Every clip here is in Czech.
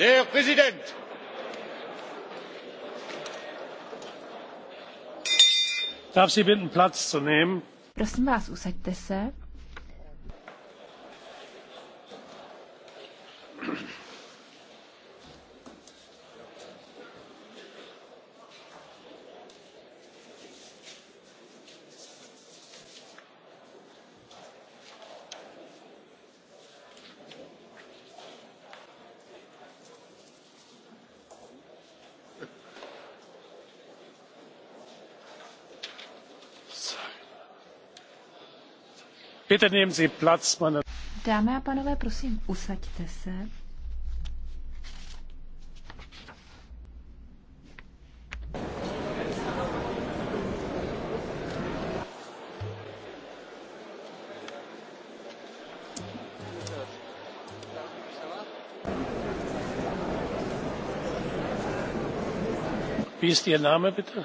herr präsident! darf sie bitten platz zu nehmen? Bitte nehmen Sie Platz, meine... Dámy a pánové, prosím, usaďte se. Wie ist Ihr Name bitte?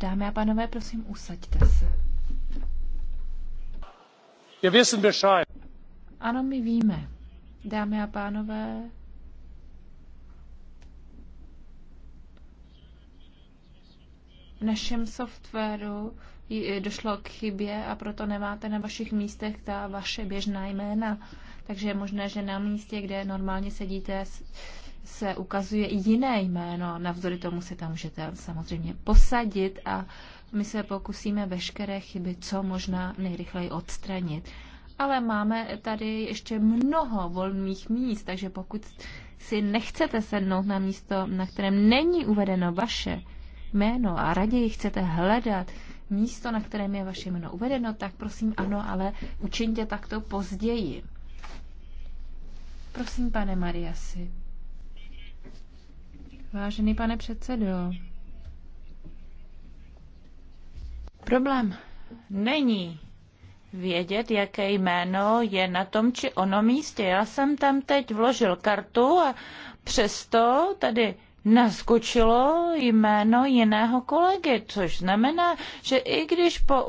Dámy a pánové, prosím, usaďte se. Ano, my víme. Dámy a pánové, v našem softwaru došlo k chybě a proto nemáte na vašich místech ta vaše běžná jména. Takže je možné, že na místě, kde normálně sedíte, se ukazuje jiné jméno. Navzory tomu se tam můžete samozřejmě posadit a my se pokusíme veškeré chyby co možná nejrychleji odstranit. Ale máme tady ještě mnoho volných míst, takže pokud si nechcete sednout na místo, na kterém není uvedeno vaše jméno a raději chcete hledat místo, na kterém je vaše jméno uvedeno, tak prosím ano, ale učiňte takto později. Prosím, pane Mariasi. Vážený pane předsedo. Problém není vědět, jaké jméno je na tom či ono místě. Já jsem tam teď vložil kartu a přesto tady naskočilo jméno jiného kolegy, což znamená, že i když použiju